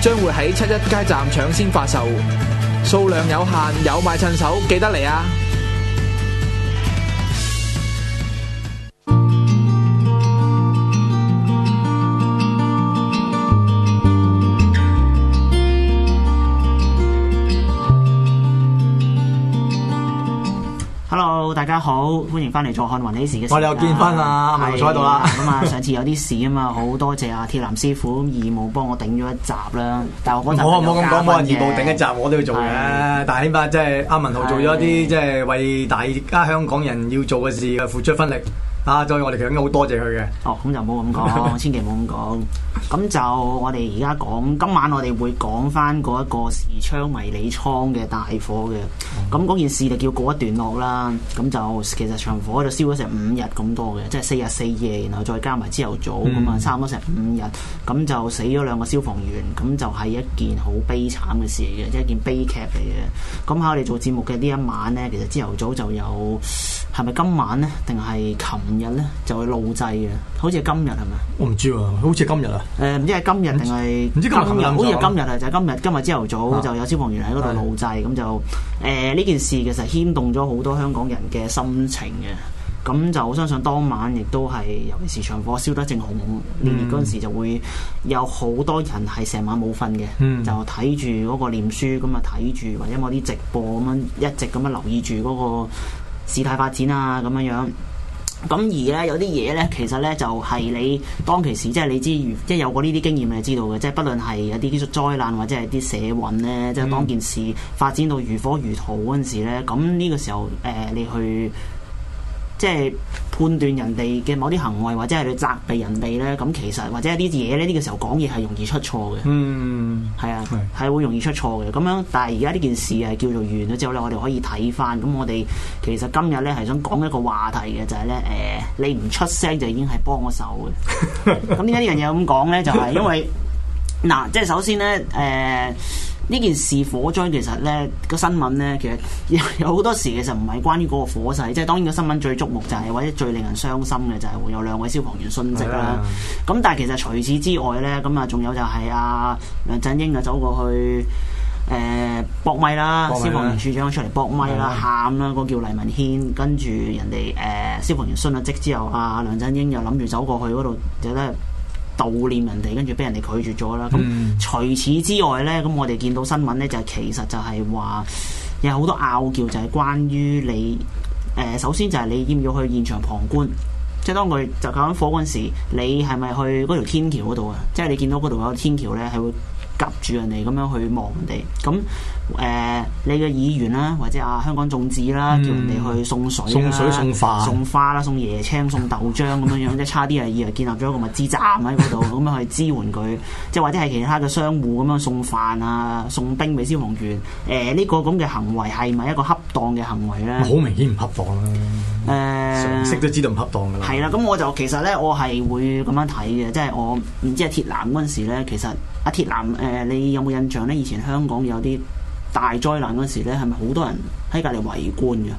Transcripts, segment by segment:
將會喺七一街站搶先發售，數量有限，有買趁手，記得嚟啊！大家好，歡迎翻嚟坐看雲起時嘅。我哋又見翻啦，文豪坐喺度啦。咁啊，上次有啲事啊嘛，好多謝阿鐵男師傅義務幫我頂咗一集啦。但係我唔好唔咁講，冇人義務頂一集，我都要做嘅。但係起碼即係阿文豪做咗啲即係為大家香港人要做嘅事付出分力。啊！再我哋其實好多謝佢嘅。哦，咁就唔好咁講，千祈唔好咁講。咁 就我哋而家講，今晚我哋會講翻嗰一個時昌迷你倉嘅大火嘅。咁嗰、嗯、件事就叫過一段落啦。咁就其實場火喺度燒咗成五日咁多嘅，即係四日四夜，然後再加埋朝頭早咁啊，差唔多成五日。咁就死咗兩個消防員，咁就係一件好悲慘嘅事嚟嘅，即係一件悲劇嚟嘅。咁喺我哋做節目嘅呢一晚咧，其實朝頭早就有係咪今晚咧，定係琴？前日咧就去路祭嘅，好似今日係咪？我唔知啊。好似今日啊。誒、呃，唔知係今日定係唔知今日。今是是好似今日啊，就係、是、今日。今日朝頭早就有消防員喺嗰度路祭咁的就誒呢、呃、件事其實牽動咗好多香港人嘅心情嘅。咁就好相信當晚亦都係，尤其是場火燒得正紅紅烈烈嗰陣時，就會有好多人係成晚冇瞓嘅，嗯、就睇住嗰個面書咁啊睇住或者某啲直播咁樣一直咁樣留意住嗰個事態發展啊，咁樣樣。咁而咧有啲嘢咧，其實咧就係、是、你當其時，即係你知，即係有過呢啲經驗，你就知道嘅，即係不論係一啲基災難或者係啲社運咧，嗯、即係當件事發展到如火如荼嗰陣時咧，咁呢個時候誒、呃，你去，即係判斷人哋嘅某啲行為，或者係去責備人哋咧。咁其實或者一啲嘢咧，呢個時候講嘢係容易出錯嘅。嗯，係啊，係會容易出錯嘅。咁樣，但係而家呢件事係叫做完咗之後咧，我哋可以睇翻。咁我哋其實今日咧係想講一個話題嘅，就係咧誒，你唔出聲就已經係幫我手嘅。咁點解呢樣嘢咁講咧？就係因為嗱，即係首先咧誒。呃呢件事火災其實呢個新聞呢，其實有好多時其實唔係關於嗰個火勢，即係當然個新聞最觸目就係、是、或者最令人傷心嘅就係有兩位消防員殉職啦。咁、啊啊、但係其實除此之外呢，咁啊仲有就係阿、啊、梁振英啊走過去誒駁咪啦，啦啦消防員處長出嚟駁咪啦，喊、啊、啦，嗰個叫黎文軒，跟住人哋誒、呃、消防員殉咗職之後，阿、啊、梁振英又諗住走過去嗰度就得。悼念人哋，跟住俾人哋拒絕咗啦。咁除、嗯、此之外呢，咁我哋見到新聞呢，就其實就係話有好多拗撬，就係關於你誒。首先就係你要唔要去現場旁觀，即係當佢就咁火嗰陣時，你係咪去嗰條天橋嗰度啊？即係你見到嗰度有個天橋呢，係會夾住人哋咁樣去望人哋咁。嗯誒，你嘅議員啦，或者啊香港眾志啦，叫人哋去送水、送水、送飯、送花啦，送椰青、送豆漿咁樣樣，即差啲係以為建立咗一個物資站喺嗰度，咁樣去支援佢，即或者係其他嘅商戶咁樣送飯啊、送冰俾消防員。誒，呢個咁嘅行為係咪一個恰當嘅行為咧？好明顯唔恰當啦。誒，常識都知道唔恰當噶啦。係啦，咁我就其實咧，我係會咁樣睇嘅，即係我唔知係鐵男嗰陣時咧，其實阿鐵男誒，你有冇印象咧？以前香港有啲。大災難嗰時咧，係咪好多人喺隔離圍觀嘅？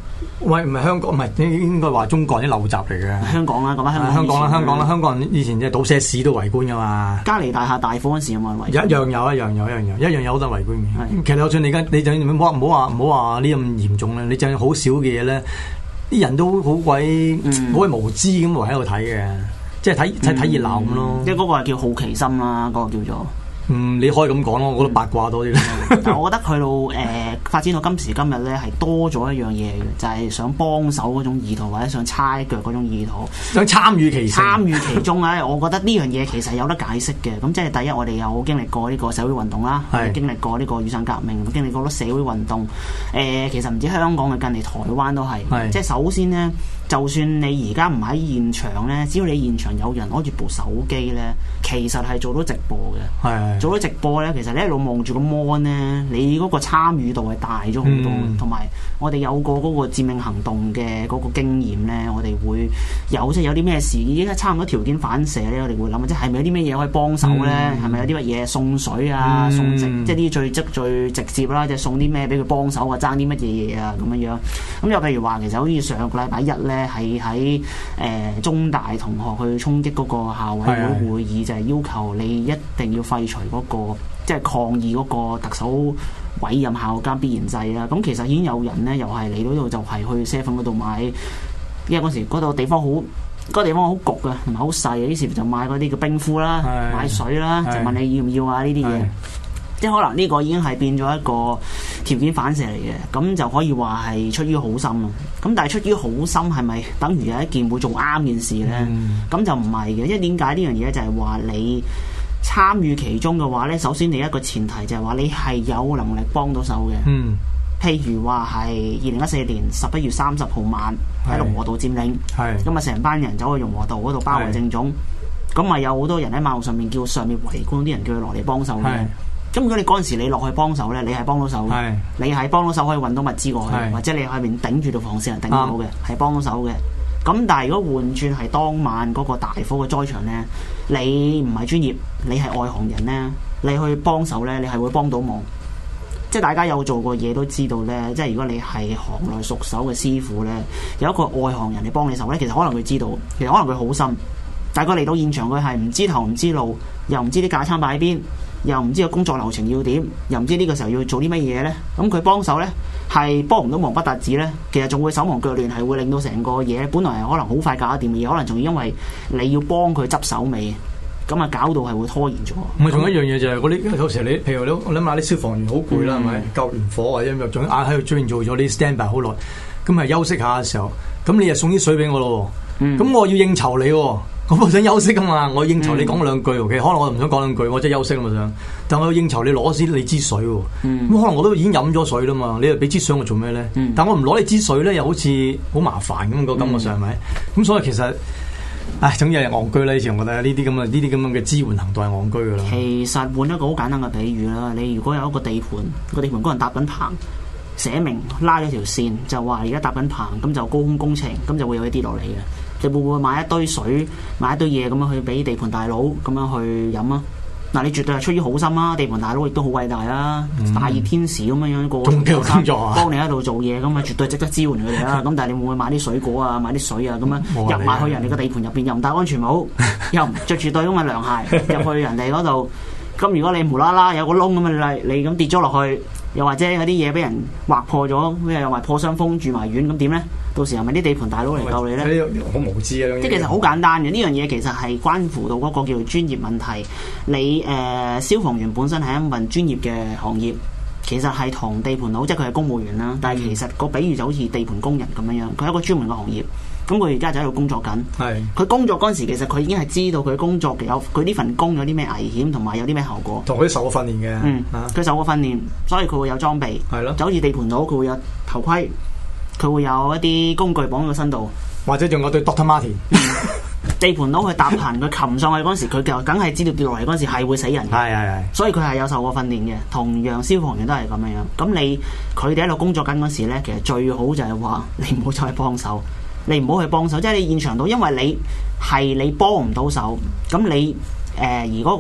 喂，唔係香港，唔係應應該話中國啲陋習嚟嘅。香港啦，咁啊，香港啦，香港啦，香港人以前即係倒瀉屎都圍觀嘅嘛。嘉利大廈大火嗰時有冇人圍？有，一樣有，一樣有，一樣有，一樣有好多圍觀嘅。其實我算你而家，你就唔好話，唔好話，唔好話呢咁嚴重啦。你就算好少嘅嘢咧，啲人都好鬼好鬼無知咁圍喺度睇嘅，即係睇睇睇熱鬧咁咯。即係嗰個係叫好奇心啦，嗰個叫做。嗯，你可以咁講咯，我覺得八卦多啲。 我覺得去到誒、呃、發展到今時今日咧，係多咗一樣嘢嘅，就係、是、想幫手嗰種意圖，或者想插腳嗰種意圖，想參與其參與其中咧。 我覺得呢樣嘢其實有得解釋嘅。咁即係第一，我哋有經歷過呢個社會運動啦，是經歷過呢個雨傘革命，經歷過好多社會運動。誒、呃，其實唔止香港嘅，近嚟台灣都係。是即係首先呢，就算你而家唔喺現場咧，只要你現場有人攞住部手機咧，其實係做到直播嘅。係。做咗直播咧，其實你一路望住個 mon 咧，你嗰個參與度係大咗好多，同埋、嗯、我哋有過嗰個佔領行動嘅嗰個經驗咧，我哋會有即係、就是、有啲咩事，已經差唔多條件反射咧，我哋會諗，即係係咪有啲咩嘢可以幫手咧？係咪、嗯、有啲乜嘢送水啊、嗯、送食即係啲最即最直接啦，即係送啲咩俾佢幫手啊，爭啲乜嘢嘢啊咁樣樣。咁又譬如話，其實好似上個禮拜一咧，係喺誒中大同學去衝擊嗰個校委會會議，的就係要求你一定要廢除。嗰、那個、即係抗議嗰個特首委任校監必然制啊！咁其實已經有人咧，又係嚟到嗰度就係去 seven 嗰度買，因為嗰時嗰度地方好，嗰、那個、地方好焗嘅，唔係好細啊！於是就買嗰啲嘅冰敷啦，的買水啦，的就問你要唔要啊？呢啲嘢，即係可能呢個已經係變咗一個條件反射嚟嘅，咁就可以話係出於好心咯。咁但係出於好心係咪等於有一件會做啱、嗯、件事咧？咁就唔係嘅，因為點解呢樣嘢就係話你？參與其中嘅話呢，首先你一個前提就係話你係有能力幫到手嘅。嗯，譬如話係二零一四年十一月三十號晚喺龍和道佔領，咁啊成班人走去龍和道嗰度包圍政總，咁咪是有好多人喺馬路上面叫上面圍觀啲人叫佢落嚟幫手嘅。咁如果你嗰陣時你落去幫手呢，你係幫到手嘅，是你係幫到手可以運到物資過去，是或者你喺邊頂住道防線係頂到嘅，係、嗯、幫到手嘅。咁但係如果換轉係當晚嗰個大火嘅災場呢，你唔係專業，你係外行人呢，你去幫手呢，你係會幫到忙。即係大家有做過嘢都知道呢，即係如果你係行內熟手嘅師傅呢，有一個外行人嚟幫你手呢，其實可能佢知道，其實可能佢好心。但係佢嚟到現場佢係唔知頭唔知路，又唔知啲架撐擺喺邊。又唔知個工作流程要點，又唔知呢個時候要做啲乜嘢咧？咁佢幫手咧，係幫唔到忙不但止咧。其實仲會手忙腳亂，係會令到成個嘢本來係可能好快搞掂嘅嘢，可能仲要因為你要幫佢執手尾，咁啊搞到係會拖延咗。唔係仲有一樣嘢就係嗰啲，那那有時候你譬如你，我諗下啲消防員好攰啦，係咪、嗯、救完火啊，因為仲要挨喺度追做咗啲 standby 好耐，咁啊休息下嘅時候，咁你又送啲水俾我咯，咁我要應酬你、哦。嗯我唔想休息吖嘛，我應酬你講兩句，其實、嗯、可能我唔想講兩句，我真係休息咁啊想，但係我要應酬你攞先你支水，咁、嗯、可能我都已經飲咗水啦嘛，你又俾支水我做咩咧？嗯、但我唔攞你支水咧，又好似好麻煩咁個感覺上係咪？咁、嗯、所以其實，唉，總之係戇居啦，以前我覺得呢啲咁啊，呢啲咁樣嘅支援行動係戇居噶啦。其實換一個好簡單嘅比喻啦，你如果有一個地盤，個地盤嗰人搭緊棚，寫明拉咗條線就話而家搭緊棚，咁就高空工程，咁就會有一跌落嚟嘅。你會唔會買一堆水，買一堆嘢咁樣去俾地盤大佬咁樣去飲啊？嗱，你絕對係出於好心啦、啊，地盤大佬亦都好偉大啦、啊，嗯、大熱天時咁樣樣過，幫你喺度做嘢咁啊，絕對值得支援佢哋啦。咁 但係你會唔會買啲水果啊，買啲水啊咁樣入埋去人哋個地盤入邊，又唔帶安全帽， 又唔着住對咁嘅涼鞋入去人哋嗰度？咁 如果你無啦啦有個窿咁啊，你你咁跌咗落去？又或者有啲嘢俾人劃破咗，又埋破傷風住埋院，咁點呢？到時候咪啲地盤大佬嚟救你咧？我好無知啊！即係其實好簡單嘅，呢樣嘢其實係關乎到嗰個叫做專業問題。你誒、呃、消防員本身係一份專業嘅行業，其實係同地盤佬即係佢係公務員啦。但係其實個比喻就好似地盤工人咁樣樣，佢係一個專門嘅行業。咁佢而家就喺度工作緊。係佢工作嗰陣時，其實佢已經係知道佢工作有佢呢份工有啲咩危險，同埋有啲咩後果。同佢受過訓練嘅，嗯，佢受過訓練，所以佢會有裝備。係咯，就好似地盤佬，佢會有頭盔，佢會有一啲工具綁喺個身度，或者用我對 Doctor Martin 地盤佬去搭棚，佢擒上去嗰陣時，佢就梗係知道掉落嚟嗰陣時係會死人。係係，所以佢係有受過訓練嘅，同樣消防員都係咁樣樣。咁你佢哋喺度工作緊嗰時咧，其實最好就係話你唔好再幫手。你唔好去幫手，即係你現場到，因為你係你幫唔到手，咁你誒、呃、而嗰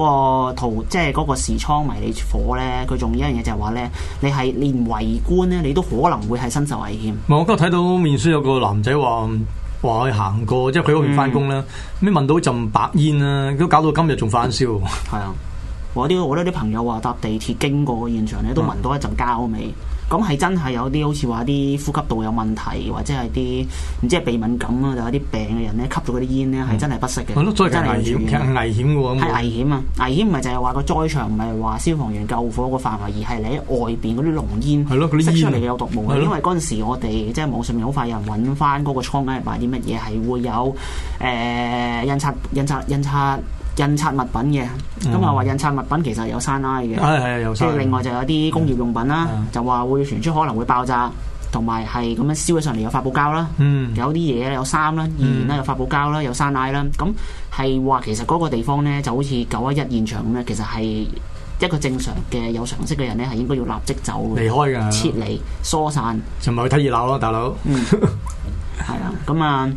個圖，即係嗰個時倉迷你火咧，佢仲有一樣嘢就係話咧，你係連圍觀咧，你都可能會係身受危險。唔係、嗯，我今日睇到面書有個男仔話話去行過，即係佢屋企翻工咧，咩聞到陣白煙啦、啊，都搞到今日仲翻燒。係、嗯、啊。我啲我咧啲朋友話搭地鐵經過個現場咧，都聞到一陣膠味。咁係、嗯、真係有啲好似話啲呼吸道有問題，或者係啲唔知係鼻敏感啊，就係啲病嘅人咧吸咗嗰啲煙咧係、嗯、真係不適嘅。真係、嗯、危險，係危險嘅。嗯、危險啊！危險唔係就係話個災場唔係話消防員救火個範圍，而係你喺外邊嗰啲濃煙係咯，嗰啲釋出嚟嘅有毒物。因為嗰陣時我哋即係網上面好快有人揾翻嗰個倉嗰日買啲乜嘢係會有誒印刷印刷印刷。印刷物品嘅，咁啊話印刷物品其實有山 I 嘅，即係、啊、另外就有啲工業用品啦，嗯、就話會傳出可能會爆炸，同埋係咁樣燒起上嚟有發泡膠啦，嗯、有啲嘢有衫啦，然呢有發泡膠啦，有山 I 啦，咁係話其實嗰個地方咧就好似九一一現場咁樣，其實係一個正常嘅有常識嘅人咧係應該要立即走，離開嘅，撤離疏散，就唔係去睇熱鬧咯，大佬，係啊、嗯，咁啊。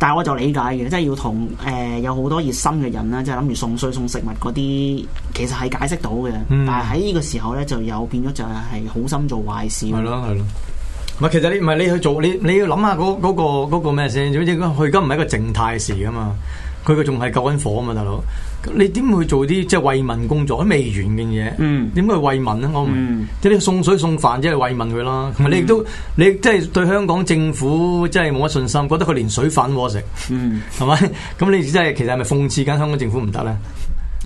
但係我就理解嘅，即係要同誒、呃、有好多熱心嘅人啦，即係諗住送水送食物嗰啲，其實係解釋到嘅。嗯、但係喺呢個時候咧，就有變咗就係好心做壞事。係咯係咯，唔係其實你唔係你去做你你要諗下嗰嗰個咩先？總之佢而家唔係一個靜態事㗎嘛。佢佢仲係救緊火啊嘛，大佬，你點去做啲即係慰問工作？都未完嘅嘢，點去、嗯、慰問？咧、嗯？我唔即係送水送飯即係慰問佢啦。同埋、嗯、你亦都你即係對香港政府即係冇乜信心，覺得佢連水飯冇得食，係咪、嗯？咁你即、就、係、是、其實係咪諷刺緊香港政府唔得咧？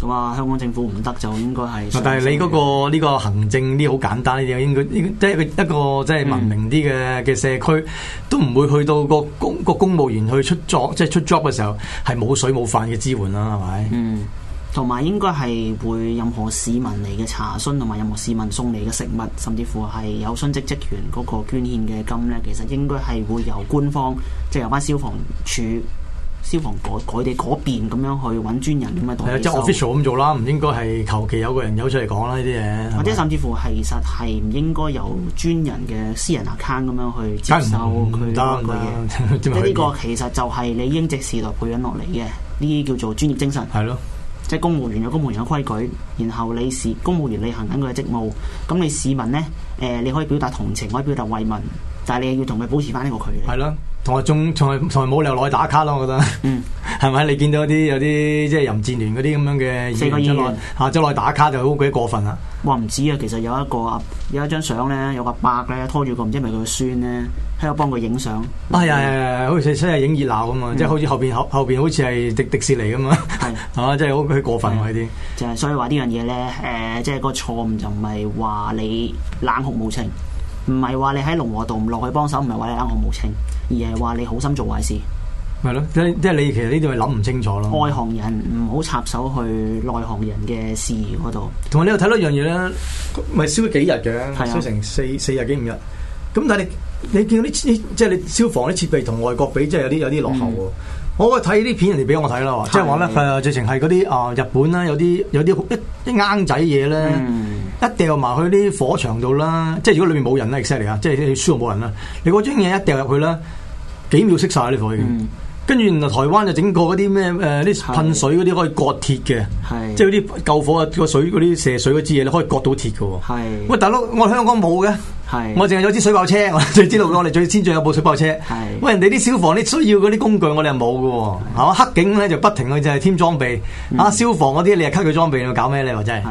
哇，香港政府唔得就應該係，但係你嗰、那個呢、嗯、個行政呢，好、這個、簡單啲嘢，應該即係一個即係文明啲嘅嘅社區，都唔會去到個公個公務員去出 job。即、就、係、是、出 job 嘅時候係冇水冇飯嘅支援啦，係咪？嗯，同埋應該係會任何市民嚟嘅查詢同埋任何市民送嚟嘅食物，甚至乎係有殉職職員嗰個捐獻嘅金咧，其實應該係會由官方即係、就是、由翻消防處。消防佢哋嗰邊咁樣去揾專人咁樣做，係即 official 咁做啦，唔應該係求其有個人走出嚟講啦呢啲嘢，或者甚至乎係其實係唔應該由專人嘅私人 account 咁樣去接受佢嗰本個嘢，即係呢個其實就係你英治時代培養落嚟嘅呢啲叫做專業精神。係咯的，即係公務員有公務員嘅規矩，然後你係公務員，履行緊佢嘅職務，咁你市民咧，誒你可以表達同情，可以表達慰問，但係你要同佢保持翻呢個距離。係的同學中，仲係仲係冇理由落去打卡咯，我覺得。嗯。係咪？你見到啲有啲即係淫戰聯嗰啲咁樣嘅四影出來嚇，出來以打卡就好鬼過分啦。我唔知啊，其實有一個啊，有一張相咧，有個伯咧拖住佢，唔知係咪佢孫咧喺度幫佢影相。啊、哎呀，係、嗯、好似出出影熱鬧啊嘛，嗯、即係好似後邊後後邊好似係迪迪士尼啊嘛。係。嗯、啊！真係好鬼過分喎，呢啲、呃。就係所以話呢樣嘢咧，誒，即係個錯誤就唔係話你冷酷無情。唔係話你喺龍和道唔落去幫手，唔係話你啱我無情，而係話你好心做壞事。係咯，即 係樂、就是、你其實呢啲係諗唔清楚咯。外行人唔好插手去內行人嘅事嗰度。同埋你又睇到一樣嘢咧，咪燒咗幾日嘅，燒的成四四日幾五日。咁但係你你見到啲即係你消防啲設備同外國比，即係有啲有啲落後。嗯、我睇啲片人哋俾我睇啦，即係話咧誒，的直情係嗰啲誒日本啦，有啲有啲一一啱仔嘢咧。一掉埋去啲火場度啦，即係如果裏面冇人咧，亦犀利啊！即係啲書又冇人啦，你嗰張嘢一掉入去啦，幾秒熄晒啲火煙。跟住原來台灣就整個嗰啲咩誒啲噴水嗰啲可以割鐵嘅，是即係嗰啲救火個水嗰啲射水嗰支嘢你可以割到鐵㗎。是喂，大佬，我香港冇嘅，是我淨係有支水炮車。是 我知道我哋最先進有部水炮車。是喂，人哋啲消防啲需要嗰啲工具我，我哋又冇嘅，係嘛？黑警咧就不停去就係添裝備啊，嗯、消防嗰啲你係吸佢裝備，你搞咩你話真係。是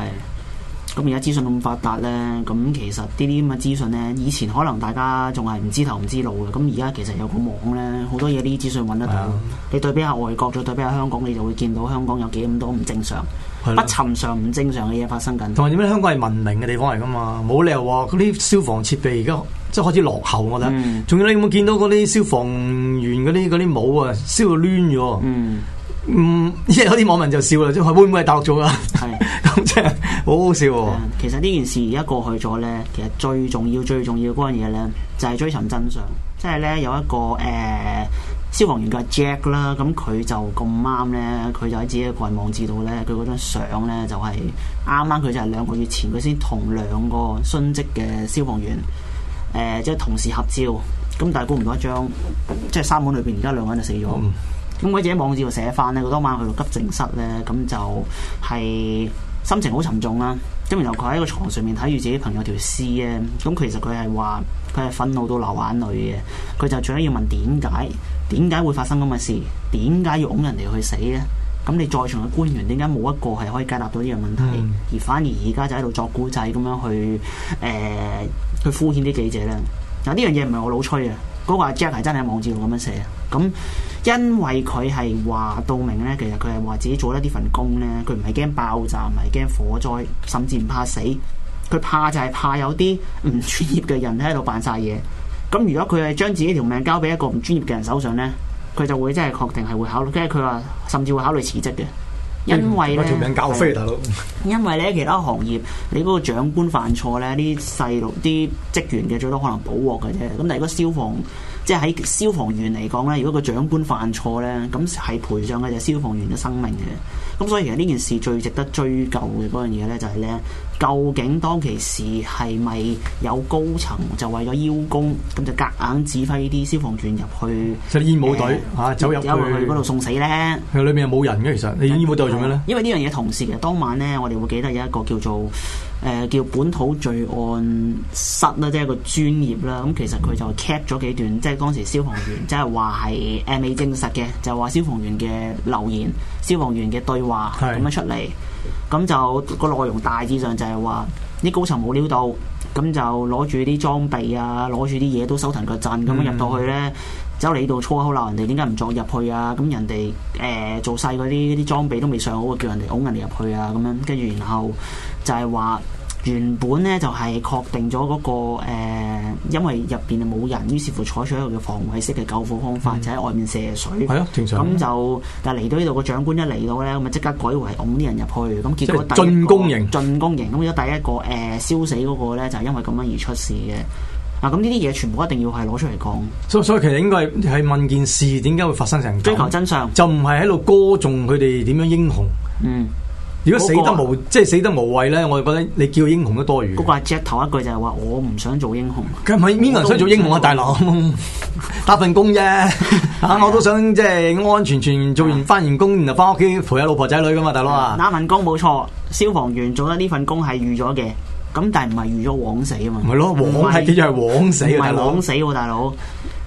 咁而家資訊咁發達咧，咁其實呢啲咁嘅資訊咧，以前可能大家仲係唔知頭唔知路嘅，咁而家其實有個網咧，好多嘢啲資訊揾得到。的你對比下外國，再對比下香港，你就會見到香港有幾咁多唔正常、的不尋常、唔正常嘅嘢發生緊。同埋點解香港係文明嘅地方嚟㗎嘛，冇理由話嗰啲消防設備而家即係開始落後。我覺得仲要你有冇見到嗰啲消防員嗰啲嗰啲帽啊？燒到攣咗。嗯嗯，即係有啲網民就笑啦，即係會唔會係大陸做噶？係的，咁即係好好笑，哦嗯。其實呢件事而家過去咗咧，其實最重要、最重要嗰樣嘢咧，就係、是、追尋真相。即係咧，有一個誒、呃、消防員嘅 Jack 啦，咁佢就咁啱咧，佢就喺自己個人網誌度咧，佢嗰張相咧就係啱啱佢就係兩個月前，佢先同兩個殉職嘅消防員誒即係同時合照，咁但係估唔到一張即係三碗裏邊，而家兩個人就死咗。嗯咁佢自己網誌度寫翻咧，佢當晚去到急症室咧，咁就係心情好沉重啦。咁然後佢喺個床上面睇住自己朋友條屍嘅，咁其實佢係話佢係憤怒到流眼淚嘅。佢就最緊要問點解？點解會發生咁嘅事？點解要㧬人哋去死咧？咁你在場嘅官員點解冇一個係可以解答到呢樣問題？Mm. 而反而而家就喺度作故仔咁樣去誒、呃、去敷衍啲記者咧？嗱，呢樣嘢唔係我老吹啊！嗰、嗰個阿 Jack 係真係喺網誌度咁樣寫，咁。因為佢係話到明呢，其實佢係話自己做得呢份工呢，佢唔係驚爆炸，唔係驚火災，甚至唔怕死。佢怕就係怕有啲唔專業嘅人喺度扮晒嘢。咁如果佢係將自己條命交俾一個唔專業嘅人手上呢，佢就會真係確定係會考慮，跟住佢話甚至會考慮辭職嘅。因為呢，條命搞飛，大佬。因為呢，因為其他行業你嗰個長官犯錯呢，啲細路啲職員嘅最多可能保鑊嘅啫。咁但係如果消防即係喺消防員嚟講咧，如果個長官犯錯咧，咁係賠償嘅就消防員嘅生命嘅。咁所以其實呢件事最值得追究嘅嗰樣嘢咧，就係、係、咧，究竟當其時係咪有高層就為咗邀功，咁就夾硬指揮啲消防員入去，即係煙霧隊吓走入去嗰度送死咧？佢裏面又冇人嘅，其實你煙霧隊做咩咧？因為呢樣嘢同時，其實當晚咧，我哋會記得有一個叫做。誒、呃、叫本土罪案室啦，即係一個專業啦。咁其實佢就 cap 咗幾段，即係當時消防員即係話係未證實嘅，就話消防員嘅留言、消防員嘅對話咁是樣，出嚟。咁就個內容大致上就係話啲高層冇料到，咁就攞住啲裝備啊，攞住啲嘢都收騰個陣咁樣入到去咧，嗯、走嚟度粗口鬧人哋點解唔再入去啊？咁人哋誒、呃、做細嗰啲啲裝備都未上好啊，叫人哋拱人哋入去啊咁樣，跟住然後。就係話原本咧就係、是、確定咗嗰、那個、呃、因為入邊冇人，於是乎採取一個防衞式嘅救火方法，嗯、就喺外面射水。係咯、嗯，正常咁就但係嚟到呢度個長官一嚟到咧，咁咪即刻改為擁啲人入去，咁結果進攻型，進攻型咁，有第一個誒、呃、燒死嗰個咧，就係因為咁樣而出事嘅。嗱，咁呢啲嘢全部一定要係攞出嚟講。所以所以其實應該係問件事點解會發生成咁。追求真相就唔係喺度歌頌佢哋點樣英雄。嗯。如果死得無、啊、即係死得無謂咧，我就覺得你叫英雄都多餘。嗰個 Jack、啊、頭一句就係話我唔想做英雄。佢咁咪邊個想做英雄啊，大佬？打份工啫， 啊， 我都想即係安安全全做完翻 完，完工，然後翻屋企陪下老婆仔女噶嘛，大佬啊，啊？那份工冇錯，消防員做得呢份工係預咗嘅，咁但係唔係預咗枉死啊嘛？唔係咯，枉係叫做係枉死大佬。係枉死，大佬，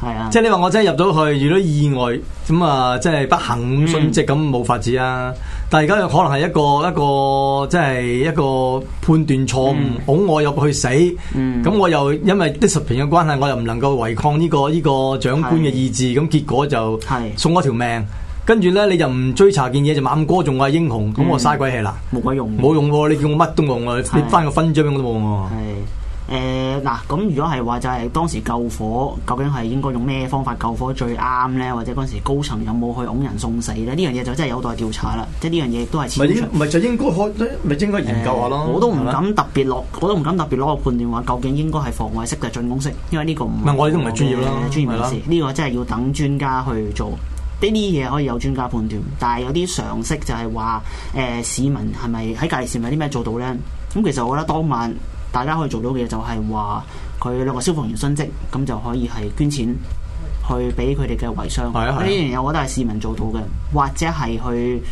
係啊。即係你話我真係入咗去，遇到意外咁啊，即係不幸殉職咁，冇、嗯、法子啊。但而家又可能係一個一個即係一個判斷錯誤，拱、嗯、我入去死，咁、嗯、我又因為 discipline 嘅關係，我又唔能夠違抗呢、這個呢、這個長官嘅意志，咁是結果就送我條命。跟住呢，你就唔追查件嘢，就猛咁哥仲話英雄，咁、嗯、我嘥鬼氣啦，冇鬼用，冇用， 你叫我乜都冇用，我跌是翻個勳章我都冇用。誒嗱，咁、呃、如果係話就係當時救火，究竟係應該用咩方法救火最啱咧？或者嗰陣時高層有冇去擁人送死咧？呢樣嘢就真係有待調查啦。嗯、即係呢樣嘢亦都係。唔係，唔係就應該開，咪應該研究下咯。呃、我都唔敢特別落，我都唔敢特別攞個判斷話，究竟應該係防衞式定係進攻式，因為呢個唔。唔係，我哋都唔係專業啦，專業人士呢個真係要等專家去做。呢啲嘢可以有專家判斷，但係有啲常識就係話，誒、呃、市民係咪喺隔離時有啲咩做到咧？咁其實我覺得當晚。大家可以做到嘅嘢就係話佢兩個消防員殉職，咁就可以係捐錢去俾佢哋嘅遺孀。係啊。呢樣嘢我覺得係市民做到嘅，或者係去。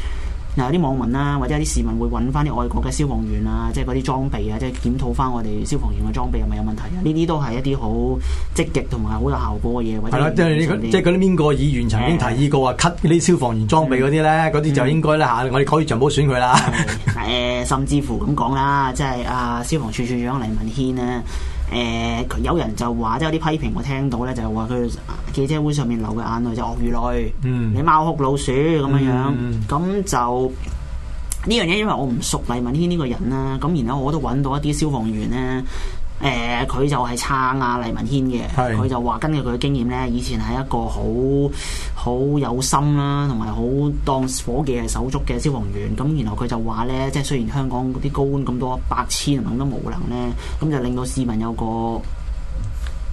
嗱、啊，有啲網民啦、啊，或者有啲市民會揾翻啲外國嘅消防員啊，即係嗰啲裝備啊，即係檢討翻我哋消防員嘅裝備係咪有問題啊？呢啲都係一啲好積極同埋好有效果嘅嘢。係啦、啊，或者即係即係嗰啲邊個議員曾經提議過啊？cut 呢啲消防員裝備嗰啲咧，嗰啲、嗯、就應該咧嚇、嗯啊，我哋可以就唔好選佢啦、嗯。誒、嗯 呃，甚至乎咁講啦，即係啊，消防處處長黎文軒咧。誒、呃、有人就話，即有啲批評我聽到咧，就係話佢記者會上面流嘅眼淚就鱷魚淚、嗯嗯，嗯，你貓哭老鼠咁樣樣，咁就呢樣嘢，因為我唔熟黎文軒呢個人啦，咁然後我都揾到一啲消防員咧。誒佢、呃、就係撐啊黎文軒嘅，佢是就話根據佢嘅經驗咧，以前係一個好好有心啦、啊，同埋好當夥計係手足嘅消防員，咁然後佢就話咧，即係雖然香港啲高官咁多百千等等都無能咧，咁就令到市民有個。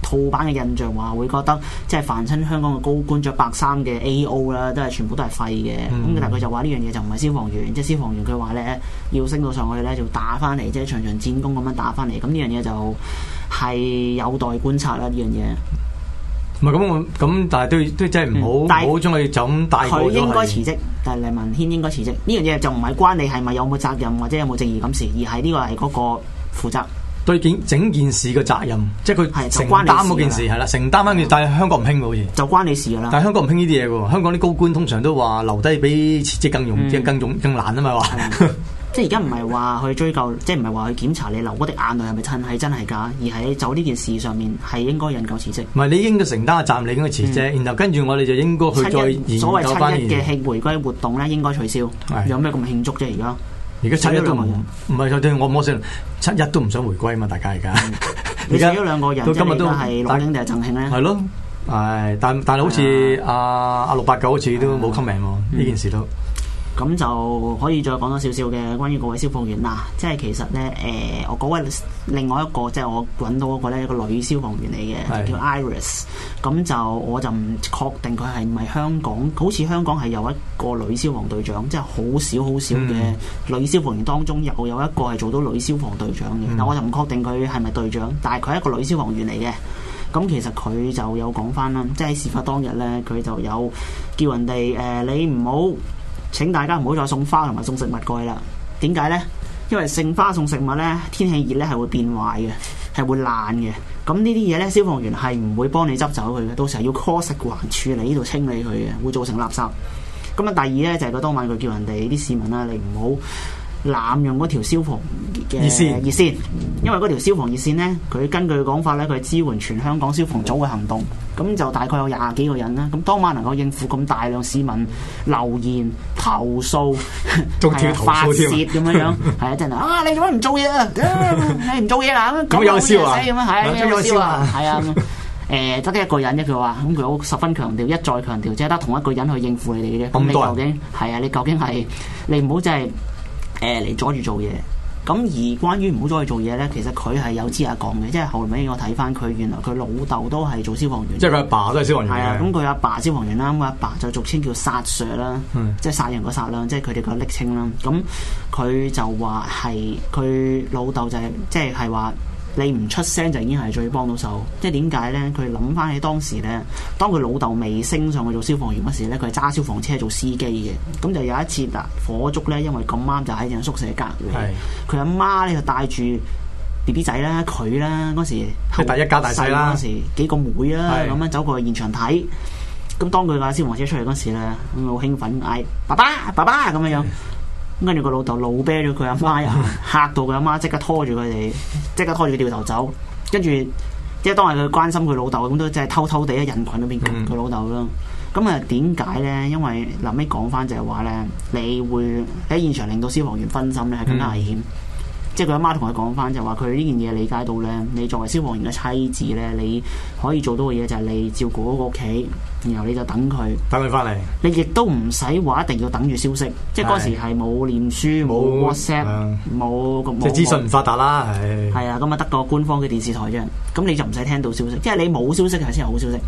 套版嘅印象話會覺得即係凡親香港嘅高官着白衫嘅 A.O. 啦，都係全部都係廢嘅。咁、嗯、但係佢就話呢樣嘢就唔係消防員，即係消防員佢話咧要升到上去咧就打翻嚟，即係場場戰功咁樣打翻嚟。咁呢樣嘢就係有待觀察啦。呢樣嘢唔係咁咁，但係都都真係唔好唔好將佢就咁帶過。佢應該辭職，但係黎文軒應該辭職。呢樣嘢就唔係關你係咪有冇責任或者有冇正義咁事，而係呢個係嗰個負責。對整整件事嘅責任，即係佢承擔嗰件事係啦，承擔翻嘅，但係香港唔興嘅好似。就關你事噶啦。但係香港唔興呢啲嘢嘅喎，香港啲高官通常都話留低比辭職更容，即係更容更難啊嘛話。即係而家唔係話去追究，即係唔係話去檢查你留嗰啲眼淚係咪真係真係假，而喺就呢件事上面係應該引咎辭職。唔係你應該承擔嘅責任，你應該辭職，然後跟住我哋就應該去再研究所謂七一嘅慶回歸活動咧，應該取消。有咩咁慶祝啫而家？而家七一都唔唔係，我我想七一都唔想回歸啊嘛！大家而家而家兩個人， 到今日都係陸英定係贈慶咧？係咯，係、哎、但但係好似阿阿六八九好似都冇 comment 喎，呢、啊嗯、件事都。咁就可以再講多少少嘅關於嗰位消防員啦，即係其實呢，誒、呃，我嗰位另外一個即係我揾到嗰個呢，一個女消防員嚟嘅，是叫 Iris。咁就我就唔確定佢係唔係香港，好似香港係有一個女消防隊長，即係好少好少嘅女消防員當中有，又有一個係做到女消防隊長嘅。嗯、但我就唔確定佢係咪隊長，但係佢係一個女消防員嚟嘅。咁其實佢就有講返啦，即係事發當日呢，佢就有叫人哋誒、呃、你唔好。請大家唔好再送花同埋送食物過去啦。點解呢？因為送花送食物呢，天氣熱呢係會變壞嘅，係會爛嘅。咁呢啲嘢呢，消防員係唔會幫你執走佢嘅，到時候要 call 食環處理呢度清理佢嘅，會造成垃圾。咁啊，第二呢，就係、是、佢當晚佢叫人哋啲市民啊，你唔好。濫用嗰條消防嘅熱線，意思因為嗰條消防熱線咧，佢根據講法咧，佢支援全香港消防組嘅行動，咁就大概有廿幾個人啦。咁當晚能夠應付咁大量市民留言投訴，係、 啊、發泄咁樣樣，係、 啊、真係啊！你做乜唔做嘢啊？你唔做嘢啊？咁有笑啊？咁有笑啊？係 啊！誒得得一個人啫，佢話咁佢好十分強調，一再強調，即係得同一個人去應付你哋嘅。咁你究竟係 啊？你究竟係你唔好就係。 誒，你阻住做嘢，咁而關於唔好阻住做嘢咧，其實佢係有資格講嘅，即係後尾我睇翻佢，原來佢老豆都係做消防員。即係佢阿爸都係消防員。係啊，咁佢阿爸消防員啦，咁阿爸就俗稱叫殺 Sir 啦，即係殺人嗰殺啦，即係佢哋個昵稱啦。咁佢就話係佢老豆就係，即係係話。你唔出聲就已經係最幫到手，即係點解咧？佢諗翻起當時咧，當佢老豆未升上去做消防員嗰時咧，佢係揸消防車做司機嘅。咁就有一次火燭咧，因為咁啱就喺正宿舍隔籬，佢阿媽咧就帶住 BB 仔啦、佢啦嗰時，佢係第一家大細啦，嗰時是幾個妹啊，咁樣是走過去現場睇。咁當佢架消防車出嚟嗰時咧，咁好興奮，嗌爸爸爸爸咁樣。跟住個老豆老啤咗佢阿媽啊，又嚇到佢阿媽即刻拖住佢哋，即刻拖住佢掉頭走。跟住即係當係佢關心佢老豆咁，都即係偷偷地喺人群裏面撳佢老豆咯。咁啊點解咧？因為臨尾講翻就係話咧，你會喺現場令到消防員分心咧，係更加危險。嗯、即係佢阿媽同佢講翻就係話，佢呢件嘢理解到咧，你作為消防員嘅妻子咧，你可以做到嘅嘢就係你照顧個屋企。然後你就等佢，等佢翻嚟。你亦都唔使話一定要等住消息，是即係嗰時係冇念書，冇 WhatsApp，冇即係資訊唔發達啦，係。係啊，咁啊得個官方嘅電視台啫。咁你就唔使聽到消息，即係你冇消息係先係好消息，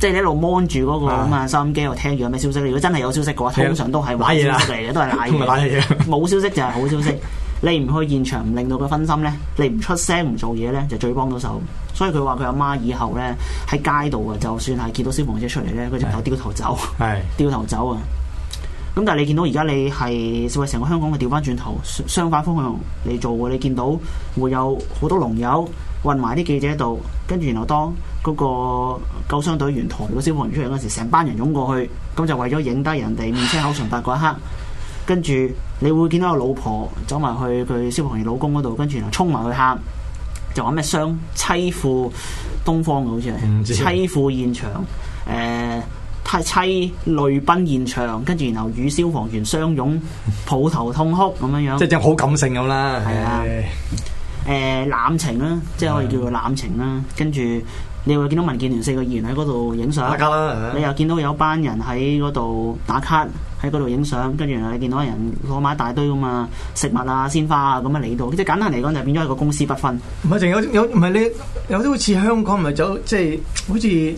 即係你一路 mon 住嗰個啊嘛收音機，我唉聽住有咩消息。如果真係有消息嘅話，通常都係壞消息嚟嘅，都係爛嘢，冇消息就係好消息。 你唔去現場，唔令到佢分心呢。你唔出聲，唔做嘢呢，就最幫到手。所以佢話佢阿媽以後呢，喺街度啊，就算係見到消防車出嚟呢，佢就掉頭走，掉頭走啊。咁但係你見到而家你係為成個香港嘅掉返轉頭，相反方向嚟做嘅，你見到會有好多龍友混埋啲記者喺度，跟住然後當嗰個救傷隊員抬個消防員出嚟嗰時，成班人湧過去，咁就為咗影低人哋面青口唇白嗰一刻。跟住你會見到個老婆走埋去佢消防員老公嗰度，跟住然後衝埋去喊，就話咩傷妻婦東方好似係，嗯、妻婦現場，誒、呃、太妻淚奔現場，跟住然後與消防員相擁抱頭痛哭咁樣樣，即係好感性咁啦，係啊，誒、啊欸、濫情啦，即係可以叫做濫情啦，跟住。你又見到民建聯四個議員喺嗰度影相，啦，你又見到有班人喺嗰度打卡，喺嗰度影相，跟住你見到人攞埋一大堆咁啊食物啊、鮮花啊咁樣嚟到，即係簡單嚟講就變咗一個公私不分。唔係，仲有有唔係咧？有啲好似香港，唔係走即係好似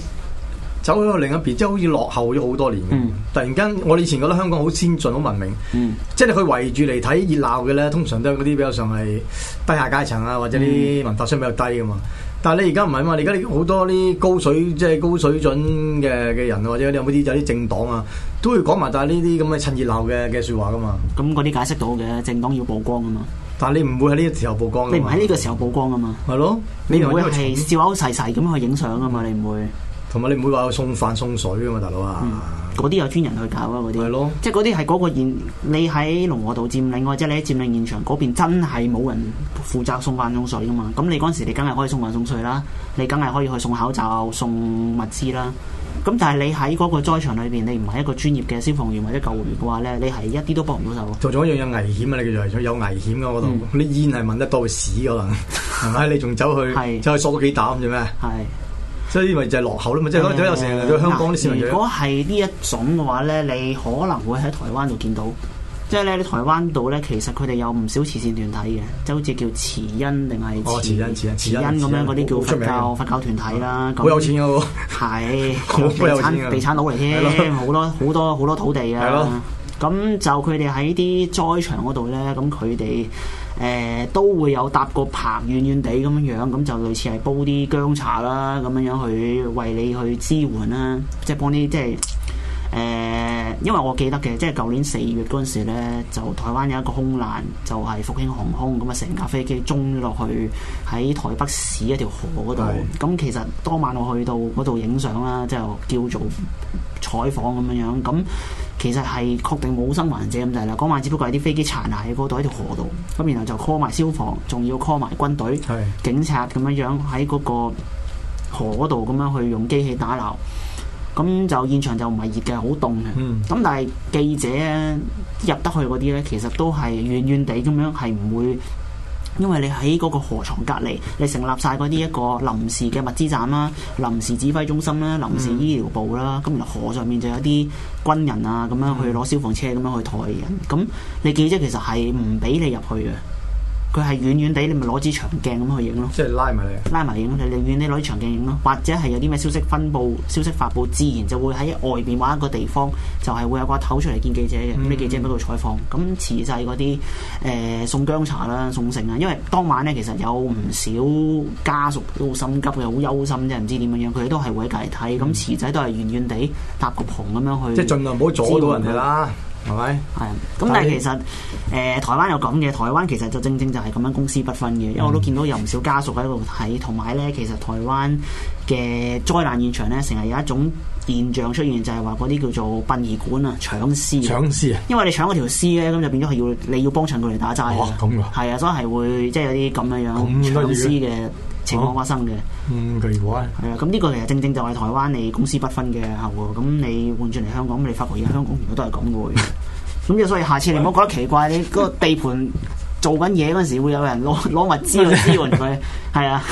走咗去另一邊，即係好似落後咗好多年。嗯、突然間，我哋以前覺得香港好先進、好文明，嗯、即係你去圍住嚟睇熱鬧嘅咧，通常都係嗰啲比較上係低下階層啊，或者啲文化商比較低嘅嘛。嗯嗯但係你而家唔係啊嘛，你而家好多啲高水即係高水準嘅嘅人、啊，或者你有冇啲就啲政黨啊，都會講埋，但係呢啲咁嘅趁熱鬧嘅嘅説話噶嘛。咁嗰啲解釋到嘅，政黨要曝光啊嘛。但係你唔會喺呢個時候曝光，你唔喺呢個時候曝光啊嘛。係咯，你唔會係笑口細細咁去影相啊嘛，你唔會。嗯同埋你唔會話去送飯送水噶嘛，大佬、mm, 啊！嗰啲有專人去搞啊，嗰啲。係咯，即係嗰啲係嗰個現你喺龍和道佔領，或者你喺佔領現場嗰邊真係冇人負責送飯送水噶嘛？咁你嗰時你梗係可以送飯送水啦，你梗係可以去送口罩送物資啦。咁但係你喺嗰個災場裏邊，你唔係一個專業嘅消防員或者救護員嘅話咧，你係一啲都幫唔到手。做咗一樣有危險啊！你叫做有危險啊。嗰度，你煙係聞得多屎可能，係咪？你仲走去走去縮多幾膽做咩？所以咪就係落後啦嘛，即係都有時香港啲市民。如果係呢一種嘅話咧，你可能會喺台灣度見到，即係咧你台灣度咧，其實佢哋有唔少慈善團體嘅，即係好似叫慈恩定係慈恩慈恩咁樣，嗰啲叫佛教佛教團體啦。咁好有錢嘅喎，係地產地產佬嚟添，好多好多好多土地啊。咁就佢哋喺啲災場嗰度咧，咁佢哋。誒、呃、都會有搭個棚遠遠地咁樣樣，咁、嗯、就類似係煲啲薑茶啦，咁樣樣去為你去支援啦、啊，即係幫啲即係誒、呃，因為我記得嘅，即係舊年四月嗰陣時咧，就台灣有一個空難，就係、是、復興航空咁啊，成、嗯、架飛機撞咗落去喺台北市一條河嗰度。咁、嗯嗯、其實當晚我去到嗰度影相啦，即係叫做採訪咁樣樣咁。嗯嗯。其實係確定冇生還者咁滯啦，嗰晚只不過係啲飛機殘骸喺嗰度喺條河度，咁然後就 call 埋消防，仲要 call 埋軍隊、的警察咁樣樣喺嗰個河嗰度咁樣去用機器打撈，咁就現場就唔係熱嘅，好凍嘅。咁、嗯、但係記者入得去嗰啲呢，其實都係遠遠地咁樣係唔會。因為你喺嗰個河床隔離，你成立晒嗰啲一個臨時嘅物資站啦、臨時指揮中心啦、臨時醫療部啦，咁原、嗯、河上面就有啲軍人啊，咁樣去攞消防車咁樣去抬人，咁、嗯、你記者其實係唔俾你入去嘅。佢係遠遠地你，你咪攞支長鏡咁去影咯。即係拉埋你。拉埋影你，你遠遠地你攞啲長鏡影咯，或者係有啲咩消息分佈、消息發布，自然就會喺外邊揾一個地方，就係會有個頭出嚟見記者嘅。咁啲、嗯、記者喺度採訪。咁慈濟嗰啲誒送薑茶啦、送剩啊，因為當晚咧其實有唔少家屬都好心急嘅，好憂心啫，唔知點樣樣。佢哋都係會喺隔籬睇。咁慈濟都係遠遠地搭個棚咁樣去即盡，即係儘量唔好阻到人哋啦。係咪？係啊，咁但係其實誒、呃、台灣有咁嘅，台灣其實就正正就係咁樣公私不分嘅，因為我都見到有唔少家屬喺度睇，同埋咧其實台灣嘅災難現場咧，成日有一種現象出現，就係話嗰啲叫做殯儀館啊搶屍，搶屍啊！因為你搶嗰條屍咧，咁就變咗係要你要幫襯佢嚟打齋。咁噶、哦？係啊，所以係會即係、即係、有啲咁樣樣搶屍嘅。情況發生嘅，嗯，如果啊，係啊，咁呢個其實正正就係台灣你公私不分嘅後果。咁你換轉嚟香港，你發覺香港原來都係咁嘅，咁又所以下次你唔好覺得奇怪，你嗰 個地盤做緊嘢嗰陣時，會有人攞攞物資去支援佢，係啊，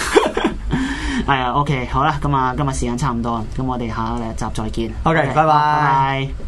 係啊，OK，好啦，咁啊，今日時間差唔多啦，咁我哋下一集再見，OK，拜拜。